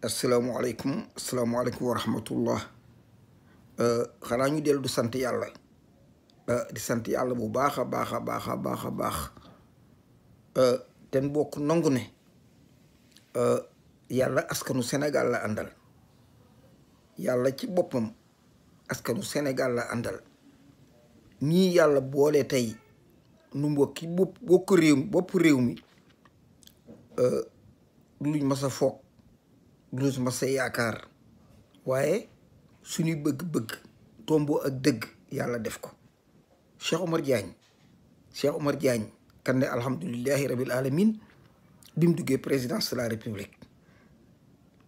asalaamualeykum asalaamualeykum wa rahmatullah euh, xanaa ñu dellu du sant yàlla euh, di sant yàlla bu baax a baax a baax a baax a baax euh, ten bokk nangu ne yàlla askanu Sénégal la àndal yàlla ci boppam askanu Sénégal la àndal nii yàlla boole tey nu mbokki bopp bokk réew bopp réew mi luñ mas a foog Bruce Massa yaakaar waaye suñu bëgg-bëgg tombo ak dëgg yàlla def ko Cheikh Omar Diagne Cheikh Omar Diagne kan ne alhamdulilahi rabil alamin bi mu duggee présidence de la république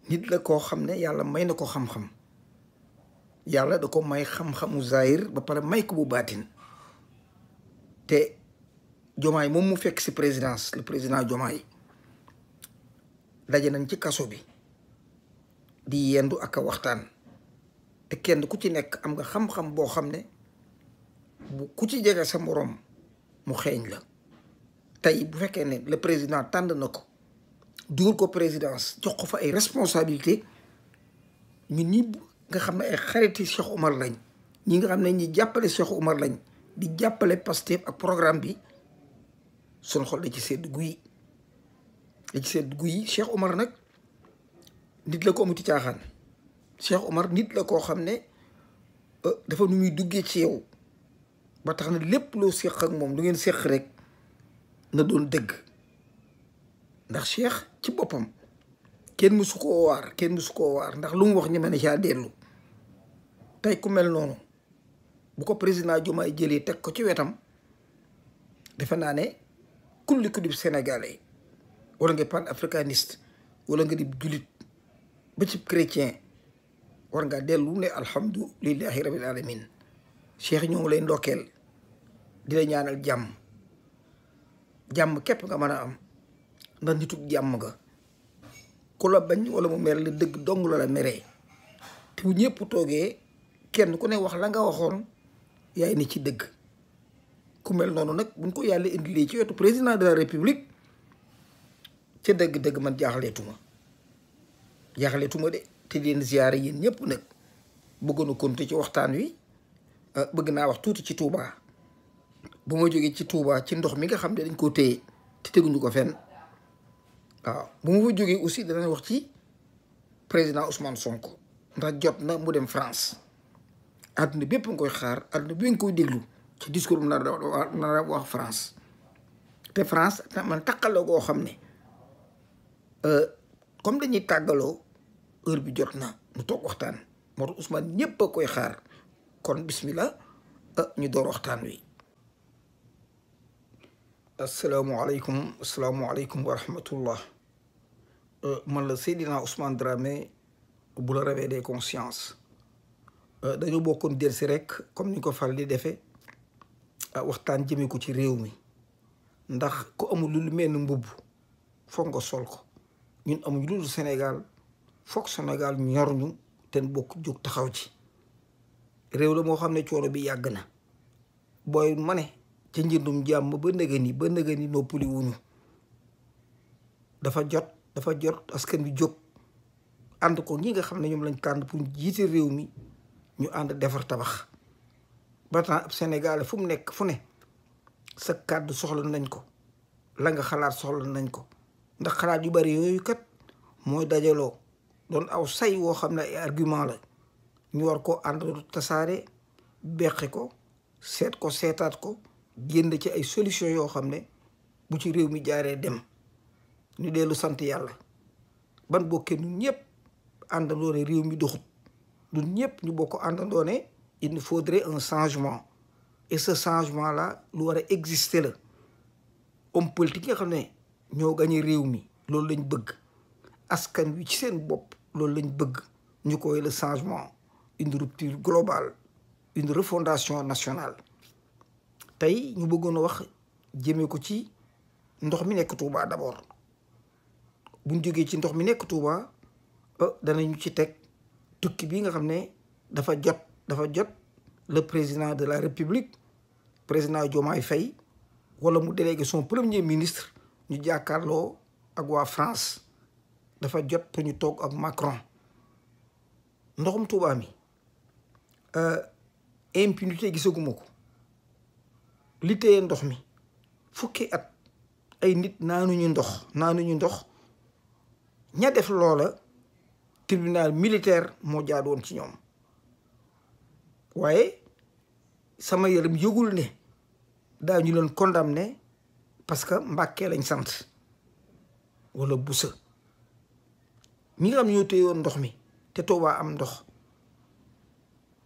nit la koo xam ne yàlla may na ko xam-xam yàlla da ko may xam-xamu zahir ba pare may ko bu baatin te Jomaay moom mu fekk si présidence le président yi daje nañ ci kaso bi di yendu ak a waxtaan te kenn ku ci nekk am nga xam-xam boo xam ne bu ku ci jege sa moroom mu xeeñ la tey bu fekkee ne le président tànn na ko dugal ko présidence jox ko fa ay responsabilité ñu ñi nga xam ne ay xariti Cheikh Omar lañ ñi nga xam ne jàppale Cheikh Omar lañ di jàppale Pastef ak programme bi sun xol da ci sedd guy da ci sedd guy Cheikh Omar nag nit la ko amuti caaxaan Cheikh Omar nit la koo xam ne euh, dafa nu muy duggee ci yow ba tax na lépp loo séq ak moom lu ngeen séq rek na doon dëgg ndax Cheikh ci boppam kenn mësu koo waar kenn mësu koo waar ndax lu mu wax ñu mën a dellu tey ku mel noonu bu ko président Diomaye jëlee teg ko ci wetam defe naa ne kulli ku dib sénégalais wala nga pan africaniste wala nga dib julit ba ci chrétien war nga dellu ne alhamdulillahi rabbil alamin cheikh ñoo ngi lay ndokkeel di ñaanal jàmm jàmm képp nga mën a am ndax nitug jàmm nga ku la bañ wala mu mer la dëgg dong la la meree te bu ñëpp toogee kenn ku ne wax la nga waxoon yaay ni ci dëgg ku mel noonu nag buñ ko yàlla indilee ci wetu président de la république ca dëgg-dëgg man jaaxleetuma jaaxleetuma de te leen ziyaare yi ñëpp nag bëggoon a konte ci waxtaan wi euh, bëgg naa wax tuuti ci Touba bu ma jógee ci Touba ci ndox mi nga xam ne dañ koo téye te teguñu ko fenn waaw bu mu fa jógee aussi danañ wax ci président Ousmane Sonko ndax jot na mu dem France àdduna bépp nga koy xaar àdduna bi nga koy déglu ci discours bu nar a wax France te France man taqal la xam ne euh, comme dañuy tàggaloo heure bi jot na ñu toog waxtaan moo tax Ousmane ñëpp a xaar kon bismillah ah, ñu door waxtaan wi asalaamualeykum asalaamualeykum wa rahmatullah euh, man la Seydina Ousmane Dramé bu la réveil des consciences euh, dañu bokkoon del si rek comme ni ko faral di defee ah, waxtaan jëmee ko ci réew mi ndax ko amul lu mel ni mbubb foog nga sol ko ñun amuñu lu dul Sénégal foog Sénégal ñor ñu te bokk jóg taxaw ci réew la moo xam ne coono bi yàgg na booy ma ne ca njëndum jàmm ba nëgë ni ba nëgë ni noppali dafa jot dafa jot askan bi jóg ànd ko ñi nga xam ne ñoom lañ tànn pour jiite réew mi ñu ànd defar tabax ba temps ab Sénégal fu mu nekk fu ne sa kàddu soxla nañ ko la nga xalaat soxla nañ ko ndax xalaat yu bari yooyu kat mooy dajaloo doon aw say woo xam ne ay argument la ñu war ko ànd tasaare beqi ko seet ko seetaat ko génn ci ay solution yoo xam ne bu ci réew mi jaaree dem ñu dellu sant yàlla ban bokkee ñun ñëpp àndandoo ne réew mi doxut ñun ñëpp ñu bokk àndandoo ne il faudrait un changement et ce changement la lu war a exister la homme politique nga xam ne ñoo gañe réew mi loolu lañ bëgg askan wi ci seen bopp loolu lañ bëgg ñu koy le changement une rupture globale une refondation nationale tey ñu bëggoon a wax jëmee ko ci ndox mi nekk Touba d'abord buñ jógee ci ndox mi nekk Touba euh, danañu ci teg tukki bi nga xam ne dafa jot dafa jot le président de la république président Diomaye Faye wala mu délégué son premier ministre ñu jàkkaarloo ak waa France dafa jot pour ñu toog ak Macron ndoxum Tuuba mi euh, impunité gisaguma ko li ndox mi fukki at ay nit naanuñu ndox naanuñu ndox ña def loola tribunal militaire moo jaadoon ci ñoom waaye sama yaram yëgul ne daa ñu leen condamné parce que Mbàkke lañ sant wala Busa ñi nga xam ñoo téyoon ndox mi te Tuubaa am ndox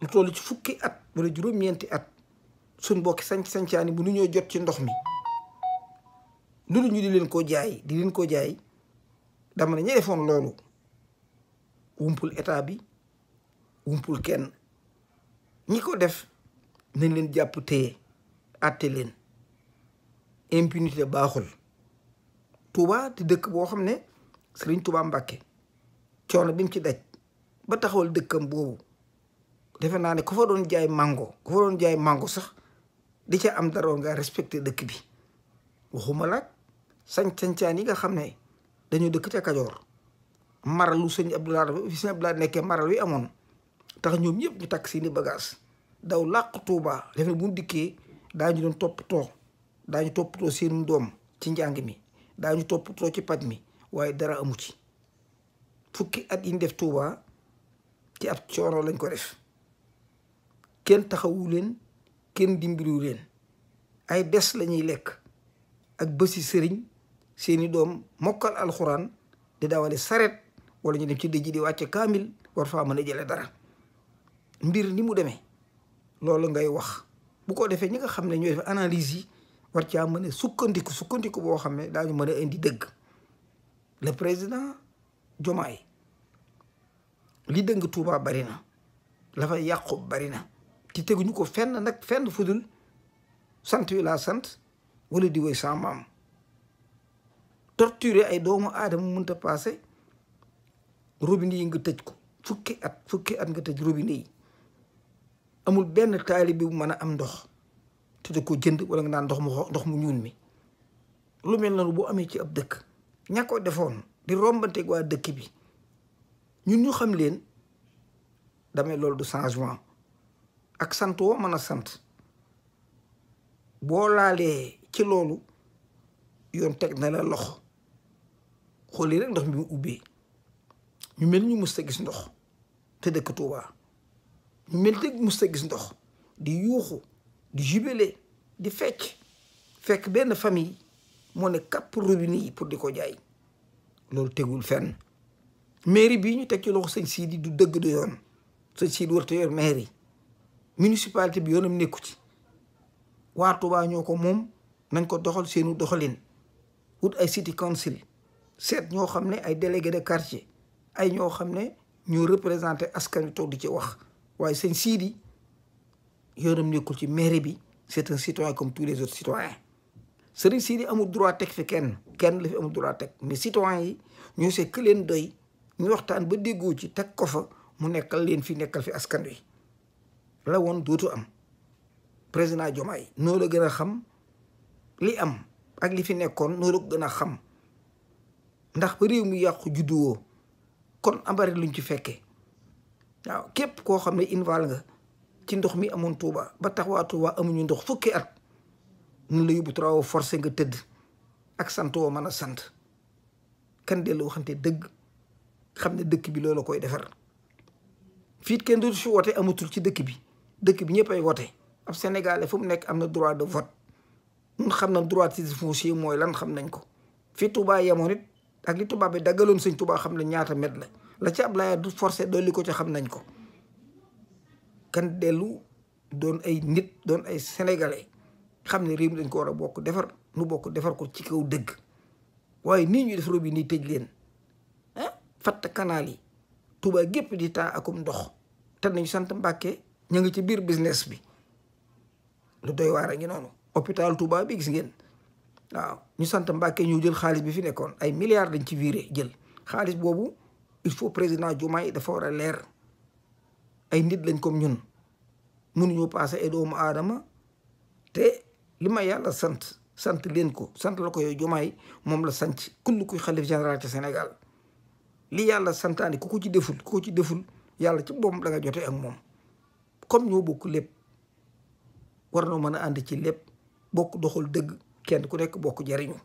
lu toll ci fukki at wala juróom-ñeenti at suñ bokki sanc-sancaani bu nu ñoo jot ci ndox mi loolu ñu di leen koo jaay di leen koo jaay dama ne ña defoon loolu wumpul état bi wumpul kenn ñi ko def nañ leen jàpp téye àtte leen impunité baaxul Touba di dëkk boo xam ne Serigne Touba Mbacke coono bi mu ci daj ba taxawal dëkkam boobu defe naa ne ku fa doon jaay mango ku fa doon sax di ca am dara nga respecté dëkk bi waxuma laaj sañ sañcaan yi nga xam ne dañoo dëkk ca Kajoor maral lu sëñ Abdoulaye fi sëñ nekkee maral wi amoon tax ñoom ñëpp ñu takk seeni bagage daw làq Touba def ne bu dikkee daa ñu doon toppatoo daañu toppatoo seenum doom ci njàng mi daañu toppatoo ci paj mi waaye dara amu ci fukki at yi def Touba ci ab coono lañ ko def kenn taxawu leen kenn dimbiru leen ay des lañuy lekk ak bësi sëriñ seeni doom mokkal alxuraan di dawale saret wala ñu dem ci dëj di wàcce kaamil war faa mën a jële dara mbir ni mu demee loolu ngay wax bu ko defee ñi nga xam ne ñooy def analyse yi war caa mën sukkandiku sukkandiku boo xam ne daa daañu mën a indi dëgg le président Diomaye li dëng Touba bari na la yàqu bari na te teguñu ko fenn nag fenn fudul sant wi laa sant wala di woy sa maam torturer ay doomu aadama mënta passé robinet yi nga tëj ko fukki at fukki at nga tëj robinet yi amul benn taalibe bu mën a am ndox te da koo jënd wala nga naan ndox mu ndox mu ñuul mi lu mel noonu boo amee ci ab dëkk ña defoon di rombanteeg waa dëkk bi ñun ñu xam leen damay loolu du changement ak sant woo mën a sant boo laalee ci loolu yoon teg na la loxo xoolee rek ndox mi mu ubbee ñu mel ñu mus a gis ndox te dëkk Tuubaa ñu mel dëkk mus a gis ndox di yuuxu di jubilé di fecc fekk benn famille moo ne kapp robinet yi pour di ko jaay loolu tegul fenn mairie bii ñu teg ci loxo sëñ Sidi du dëgg du yoon sëñ Sidi warta yor mairie municipalité bi yoonam nekku ci waa Touba ñoo ko moom nañ ko doxal seenu doxalin wut ay city council seet ñoo xam ne ay délégué de quartier ay ñoo xam ne ñoo représenté askan wi toog di ci wax waaye sëñ Sidi yoonam nekkul ci mairie bi c'est un citoyen comme tous les autres citoyens sëriñ si di amul droit teg fi kenn kenn la fi amul droit teg mais citoyens yi ñoo seet que leen doy ñu waxtaan ba déggoo ci teg ko fa mu nekkal leen fi nekkal fi askan wi la woon dootu am président Diomaye noo la gën a xam li am ak li fi nekkoon noo la gën a xam ndax ba réew mi yàqu judduwoo kon ambari luñ ci fekkee waaw képp koo xam ne inval nga ci ndox mi amoon Touba ba tax waa amuñu ndox fukki at ñu la yóbbu travaux forcés nga tëdd ak sant woo mën a sant kan dellu waxante dëgg xam ne dëkk bi loola koy defar fiit kenn du amatul ci dëkk bi dëkk bi ñëpp ay wote ab sénégalais fu mu nekk am na droit de vote ñun xam na droit titre foncier mooy lan xam nañ ko fii Touba yemoon it ak li Touba bi daggaloon sëñ Touba xam ne ñaata mètre la la ca ab laaya du forcé dolli ko ca xam nañ ko kan dellu doon ay nit doon ay sénégalais xam ne réew lañ ko war a bokk defar nu bokk defar ko ci kaw dëgg waaye nii ñu def robinet nii tëj leen ah fatt kanaal yi Touba gépp di taa akum ndox te nañu sant Mbàkke ñu ngi ci biir business bi lu doy waar a ngi noonu hôpital Touba ngeen waaw ñu sant Mbàkke ñu jël xaalis bi fi nekkoon ay milliards dañ ci viré jël xaalis boobu il faut président Diomaye dafa war a leer ay nit lañ kom ñun mënuñu paase ay doomu aadama te li ma yàlla sant sant leen ko sant la ko yow jomaay moom la sant kull kuy xalif général ci Sénégal li yàlla santaani ku ko ci deful ku ko ci deful yàlla ci boom da nga jotee ak moom comme ñoo bokk lépp war na mën a ànd ci lépp bokk doxul dëgg kenn ku nekk bokk jariñu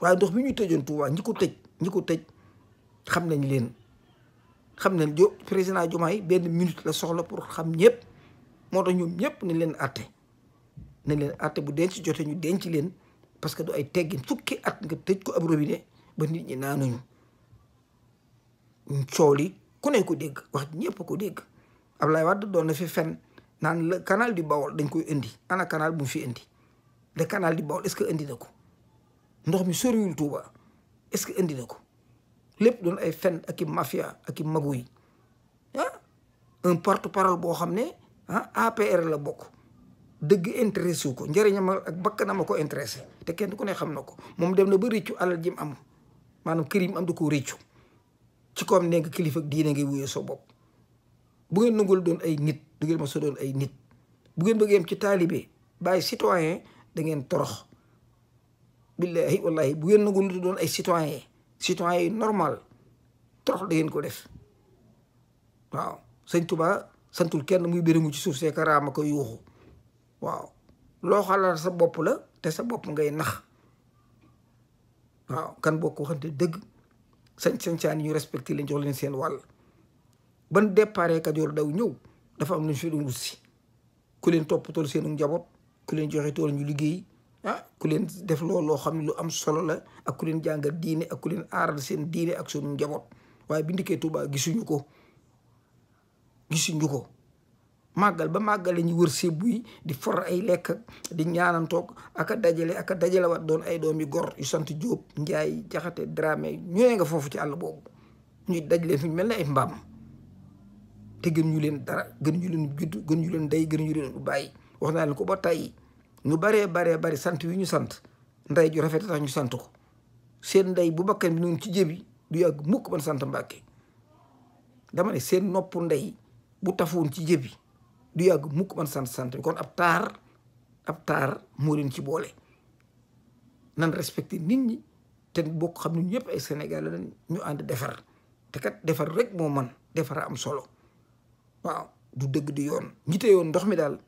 waaye ndox bi ñuy tëjoon Touba ñi ko tëj ñi ko tëj xam nañ leen xam nañ jo président Diomaye benn minute la soxla pour xam ñëpp moo tax ñoom ñëpp nañ leen àtte nañ leen àtte bu denc jote ñu denc leen parce que du ay teggin fukki at nga tëj ko ab robinet ba nit ñi naanuñu coow li ku ne ko dégg wax ñëpp ko dégg Ablaye Wade doon na fi fen naan le canal di Baol dañ koy indi ana canal bu fi indi le canal du Baol est-ce que indi na ko ndox mi soriwul tuuba est-ce que indi na ko lépp doon ay fen ak i mafia ak i yi ah un porte-parole boo xam ne ah APR la bokk dëgg intéressé wu ko a ak bakkanam a ko intéressé te kenn ku ne xam na ko moom dem na ba réccu alal jim am maanaam kër mu am da ko réccu ci koom nekk kilifa diine ngay wuyee soo bopp bu ngeen nangul doon ay nit du ngeen ma sa ay nit bu ngeen bëggee am ci taalibe bàyyi citoyen da ngeen torox billahi wallahi bu ngeen nangul doon ay citoyen yi normal torox da ngeen ko def waaw santul kenn muy bérému ci suuf see karaama ko yuuxu waaw loo xalaat sa bopp la te sa bopp ngay nax waaw kan boo ko waxante dëgg sañ sañsaan ñu respecté leen jox seen wàll ban déparé Kajoor daw ñëw dafa am lu ñu fi si ku leen toppatool seenu njaboot ku leen joxe tool ñu liggéey ah ku leen def loolu loo xam ne lu am solo la ak ku leen jàngal diine ak ku leen aaral seen diine ak sunu njaboot waaye bi ndikee Tuubaa gisuñu ko gisuñu ko màggal ba màggal la wër sébbu yi di for ay lekk di ñaanantoog ak a dajale ak a dajalewaat doon ay doom yu gor yu sant Jóob Njaay Jaxate Dramé ñu ne nga foofu ci àll boobu ñuy daj leen fi mel ne ay mbaam te gën ñu leen dara gën ñu leen judd ñu leen day gën ñu leen bàyyi wax naa leen ko ba tey ñu baree baree bari sant wi ñu sant ndey ju rafet tax ñu sant ko seen ndey bu bakkan bi noonu ci jébi du yàgg mukk ban sant Mbàkke dama ne seen nopp ndey bu tafoon ci jëbi du yàgg mukk man sant sant bi kon ab taar ab taar moo leen ci boole nan respecté nit ñi te bokk xam ne ñëpp ay Sénégal la ñu ànd defar te kat defar rek moo man defar am solo waaw du dëgg du yoon ñi te yoon ndox mi daal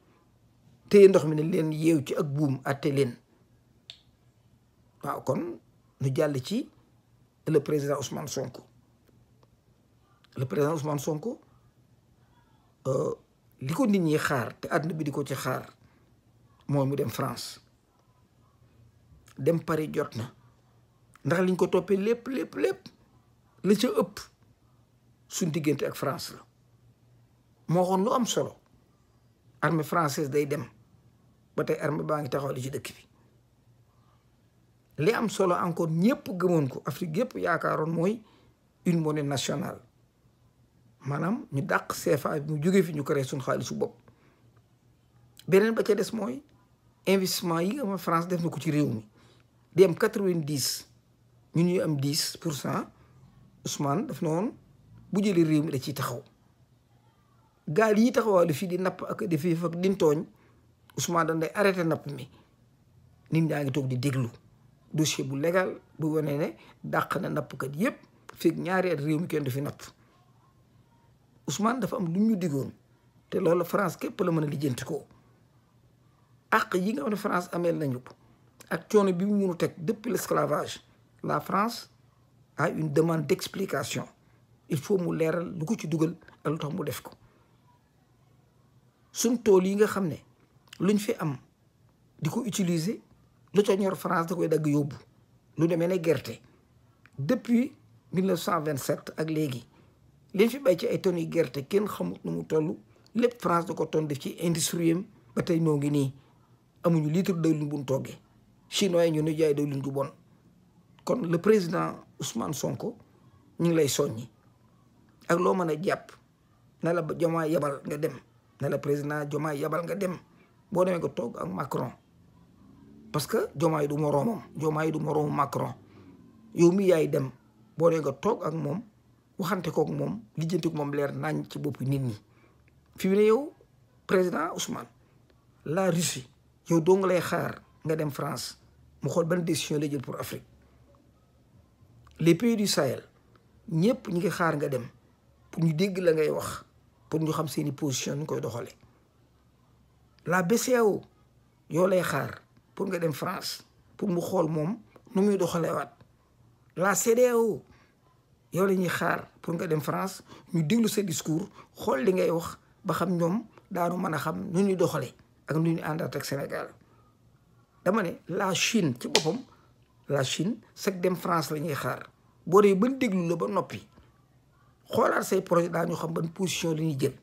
te ndox mi ne leen yeew ci ak buum atte leen waaw kon ñu jàll ci le président Ousmane Sonko le président Ousmane Sonko Euh, li ko nit ñi xaar te àdduna bi di ko ci xaar mooy mu dem France dem Paris jot na ndax liñ ko toppee lépp lépp lépp la ca ëpp suñ diggante ak France la moo xoon lu am solo armée française day dem ba tey armée baa ngi taxaw li ci dëkk bi li am solo encore ñëpp gëmoon ko Afrique yëpp yaakaaroon mooy une monnaie national maanaam ñu dàq CFA mu jógee fi ñu créé suñu xaalisu bopp beneen ba ca des mooy investissement yi nga xam France def na ko ci réew mi di am quatre-vingt-dix ñu ñuy am dix pour cent Ousmane daf na woon bu jëlee réew mi da ciy taxaw gaal yi taxawaalu fii di napp ak di fii ak di tooñ day arrêté napp mi nit ñaa ngi toog di déglu dossier bu legal bu wane ne dàq na nappkat yépp fekk ñaari at réew mi kenn du fi napp. Ousmane dafa am lu ñu diggoon te loolu France képp la mën a lijjanti ko àq yi nga xam ne France ameel nañu ko ak coono bi mu munu teg depuis l'esclavage la France a une demande d'explication il faut mu leeral lu ko ci dugal ak lu tax mu def ko suñ tool yi nga xam ne luñ fi am di ko utiliser lu ca ñor France da dagg yóbbu lu demee ne gerte depuis 1927 ak léegi li fi bay ci ay yu gerte kenn xamut nu mu tollu lépp France da ko ton def ci industrie am ba tey noo ngi nii amuñu litre dawlin buñ toggee chinois yi ñu ne jaay dawlin gu bon kon le président Ousmane Sonko ñu ngi lay soññi ak loo mën a jàpp na la Jomaa yabal nga dem na la président Jomaa yabal nga dem boo demee nga toog ak Macron parce que Jomaa yi du moroomam Jomaa yi du moroomu Macron yow mi yaay dem boo demee nga toog ak moom waxante kook moom lijjanti moom leer nañ ci boppu nit ñi fi mu ne yow président Ousmane la Russie yow doo lay xaar nga dem France mu xool ban décision jël pour Afrique les pays du Sahel ñëpp ñi ngi xaar nga dem pour ñu dégg la ngay wax pour ñu xam seeni position ñu koy doxale la BCEAO yow lay xaar pour nga dem France pour mu xool moom nu muy doxalewaat la CEDEAO yow la ñuy xaar pour nga dem France ñu déglu sa discours xool li ngay wax ba xam ñoom daanu mën a xam nu ñuy doxalee ak nu ñuy ànd ak Sénégal dama ne la Chine ci boppam la Chine sag dem France la ñuy xaar boo dee ban la ba noppi xoolaat say projet daa ñu xam ban position la ñuy jël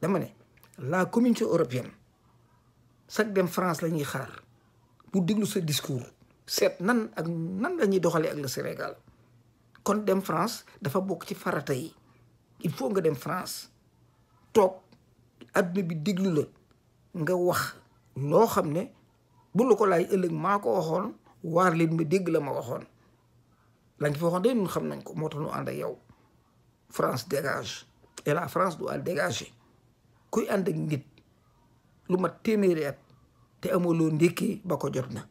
dama ne la communauté européenne sag dem France la ñuy xaar bu déglu sa discours seet nan ak nan la ñuy doxalee ak le Sénégal kon dem France dafa bokk ci farata yi il faut nga dem France toog adduna bi déglu la nga wax loo xam ne bu la ko laay ëllëg maa ko waxoon waar leen ma dégg la ma waxoon lañ fa waxoon de ñun xam nañ ko moo tax ñu ànd ak yow France dégage et la France doit dégage kuy ànd ak nit lu mat téeméeri at te amoo loo ndékkee ba ko jot na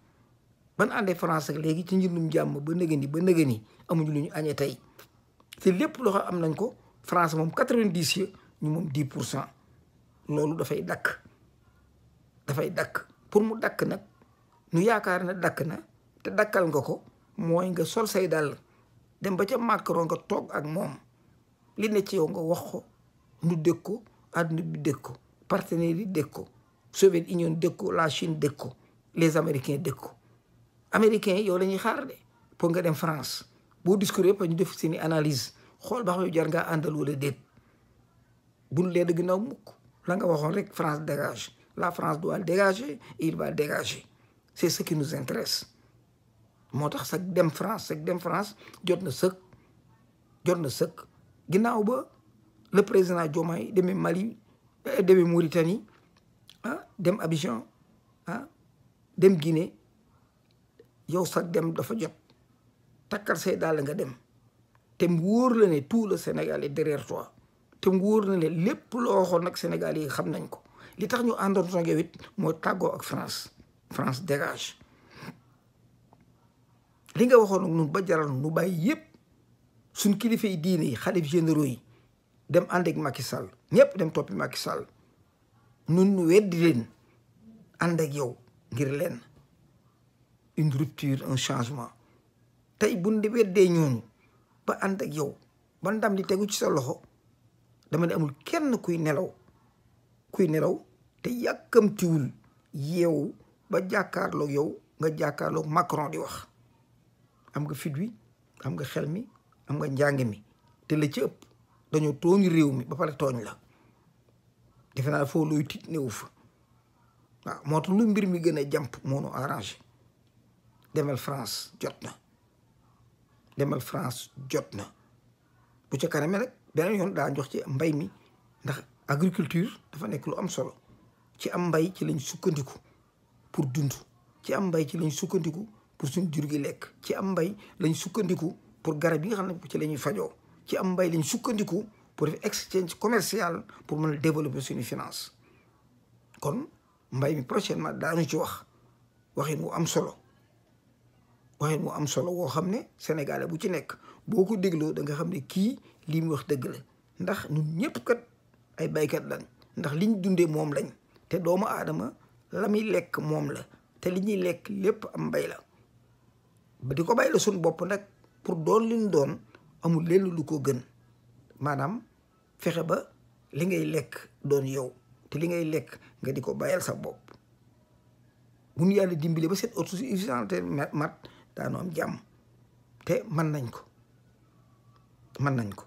ban àndee France léegi ci njëndum jàmm ba nëgëni ba nëgëni amuñu lu ñu añee tey te lépp loo am nañ ko France moom quatre-vingt-dix ñu moom dix pour cent loolu dafay dakk dafay dakk pour mu dakk nag nu yaakaar ne dakk na te dakkal nga ko mooy nga sol say dàll dem ba ca Macron nga toog ak moom li ne ci yow nga wax ko nu dégg ko àdduna bi dégg ko partenaires yi dégg ko Soviet Union dégg la Chine dégg ko les Américains dégg ko yow la ñuy xaar de pour nga dem France boo discours yëpp ñu def seen i analyse xool ba xam ne jar ngaa àndal wala déet buñ lee dëgg naaw mukk la nga waxoon rek France dégage la France doit dégager il va dégager c'est ce qui nous intéresse moo tax sax dem France sax dem France jot na sëkk jot na sëkk ginnaaw ba le président Diomaye demee Mali eh, demee Mauritanie ah dem Abidjan ah dem Guinée yow sax dem dafa jot takkal say daal nga dem te mu la ne tout le Sénégal est derrière toi te mu wóor la ne lépp loo waxoon nag Sénégal yi xam nañ ko li tax ñu àndoon ak yow it moo tàggoo ak France France dégage li nga waxoon ak ñun ba jaral nu bàyyi yëpp suñ kilifa yi diine yi xalif généraux yi dem ànd ak Macky ñëpp dem toppi Macky Sall nun nu weddi leen ànd yow ngir leen une rupture un changement tey bu ñu weddee ñooñu ba ànd ak yow ba ndam di tegu ci sa loxo dama ne amul kenn kuy nelaw kuy nelaw te yàkkamtiwul yeewu ba jàkkaarloog yow nga jàkkaarloog Macron di wax am nga fit wi am nga xel mi am nga njàng mi te la ci dañoo tooñ réew mi ba pare tooñ la defe naa foo looy tiit néew fa moo tax lu mbir mi gën a jàmp moo nu arrangé demal France jot na demal France jot na bu ca kaname rek beneen yoon daa jox ci mbay mi ndax agriculture dafa nekk lu am solo ci am mbay ci lañ sukkandiku pour dund ci am mbay ci lañ sukkandiku pour suñ jur gi lekk ci am mbay lañ sukkandiku pour garab yi nga xam ne ci la ñuy fajoo ci am mbay lañ sukkandiku pour def exchange commercial pour mën a développer suñu finance kon mbay mi prochainement daanu ci wax waxin wu am solo waaye mu am solo woo xam ne sénégalais bu ci nekk boo ko dégloo danga xam ne kii lii mu wax dëgg la ndax ñun ñëpp kat ay baykat lañ ndax liñ dundee moom lañ te doomu aadama la muy lekk moom la te li ñuy lekk lépp am mbay la ba di ko bay la suñu bopp nag pour doon liñ doon amul lenn lu ko gën maanaam fexe ba li ngay lekk doon yow te li ngay lekk nga di ko bayal sa bopp bu ñu yàlla dimbale ba seen autosuffisance mat daanu am jàmm te mën nañ ko mën nañ ko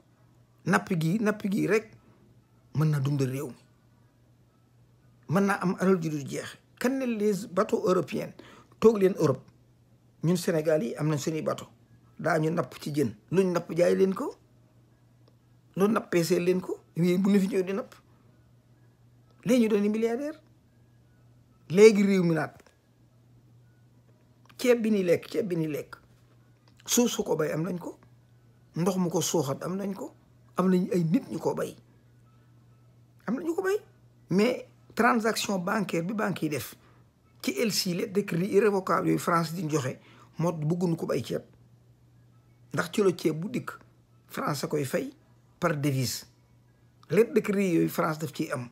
napp gi napp gi rek mën na dund réew mi mën naa am alal ju dul jeex kan ne les bateaux européens toog leen Europe ñun Sénégal yi am nañ seeni bato daa ñu napp ci jën luñ napp jaay leen ko lu napp seen leen ko yooyu bu ñu fi ñëw di napp léegi ñu doon milliardaire léegi réew mi naat ceeb bi ni lekk ceeb bi ni lekk suuf su ko bay am nañ ko ndox mu ko suuxat am nañ ko am nañ ay nit ñu ko bay am nañu ko bay mais transaction bancaire bi banque yi def ci LC la décret irrévocable yooyu France di joxe moo bëgguñu ko bay ceeb ndax ci la ceeb bu dikk France a koy fay par devise les décrets yooyu France daf ciy am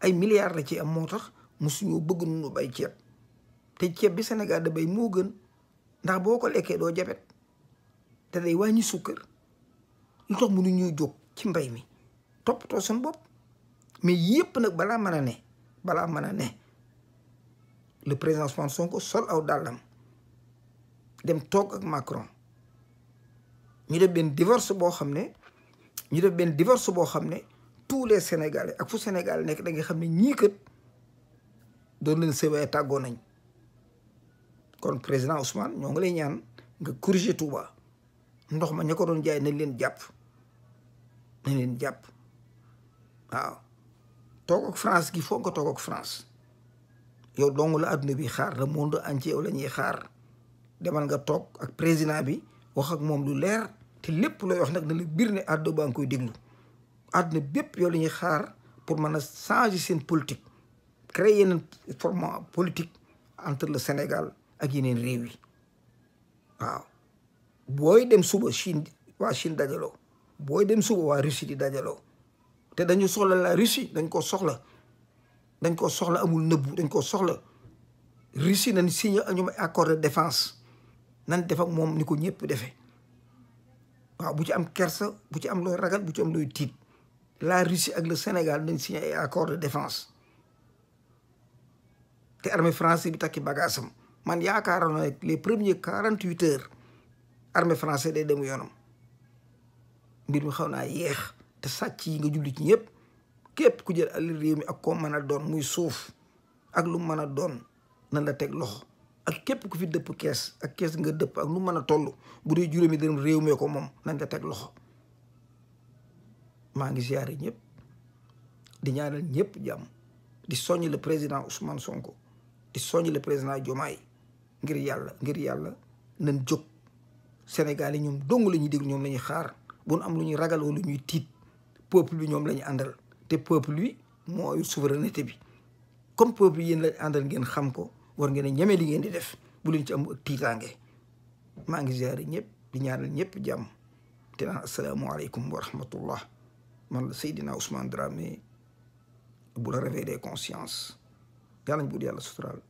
ay milliards la ciy am moo tax mosuñoo bëgg nu bay ceeb te ceeb bi Sénégal da bay moo gën ndax boo ko lekkee doo jabet te day wàññi sukkar lu mu nu ñuy jóg ci mbay mi toppatoo suñu bopp mais yëpp nag balaa mën a ne balaa mën a ne le président son Sonko sol aw dàllam dem toog ak Macron ñu def benn divorce boo xam ne ñu def benn divorce boo xam ne tous les sénégalais ak fu Sénégal nekk da xam ne ñii kat doon leen sëwee tàggoo nañ kon président Ousmane ñoo ngi lay ñaan nga corriger Touba ndox ma ña ko doon jaay nañ leen jàpp nañ leen jàpp waaw toog ak France gi foog nga toog ak France yow dong la àdduna bi xaar la monde entier yow la ñuy xaar demal nga toog ak président bi wax ak moom lu leer te lépp looy wax nag na la biir ne adduna baa ngi koy déglu adduna bépp yow la ñuy xaar pour mën a changer seen politique créer yeneen format politique entre le Sénégal ak yeneen réew yi waaw booy dem suba Chine waa Chine dajaloo booy dem suba waa Russie di dajaloo te dañu soxla la Russie dañ ko soxla dañ ko soxla amul nëbbu dañ ko soxla Russie nan signé ak ñoom accord de défense nan def moom ni ko ñëpp defe waaw bu ci am kersa bu ci am loo ragal bu ci am looy tiit la Russie ak le Sénégal nañ signé ay accord de défense te armée française bi takki bagaasam man yaakaaroon na les premiers quarante huit heures armée francais day dem yoonam mbir mi xaw naa yeex te sàcc yi nga jubli ci ñëpp képp ku jël alal réew mi ak ko mën a doon muy suuf ak lu mën a doon nan la teg loxo ak képp ku fi dëpp kees ak kees nga dëpp ak lu mën a toll bu dee juróomi dërëm réew mee ko moom nan la teg loxo maa ngi siyaare ñëpp di ñaanal ñëpp jàmm di soñ le président Ousmane Sonko di soñ le président Diomaye ngir yàlla ngir yàlla nañ jóg Sénégal yi ñoom dong la ñuy dégg ñoom lañuy xaar bu nu am lu ñuy ragal wala lu ñuy tiit peuple bi ñoom la ñu àndal te peuple bi mooy souveraineté bi comme peuple yéen la àndal ngeen xam ko war ngeen a ñeme li ngeen di def bu leen ci am ak tiitaange maa ngi ziare ñëpp di ñaanal ñëpp jàmm te naan asalaamaaleykum wa rahmatullah man la Seydina Ousmane Dramé bu la réveillé conscience yàlla ñu buur yàlla sutural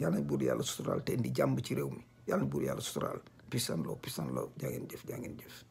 yàlla nañ buur yàlla suturaal te indi jàmm ci réew mi yàlla nañ buur yàlla suturaal pisan loo pisan loo jaa ngeen jëf jaa ngeen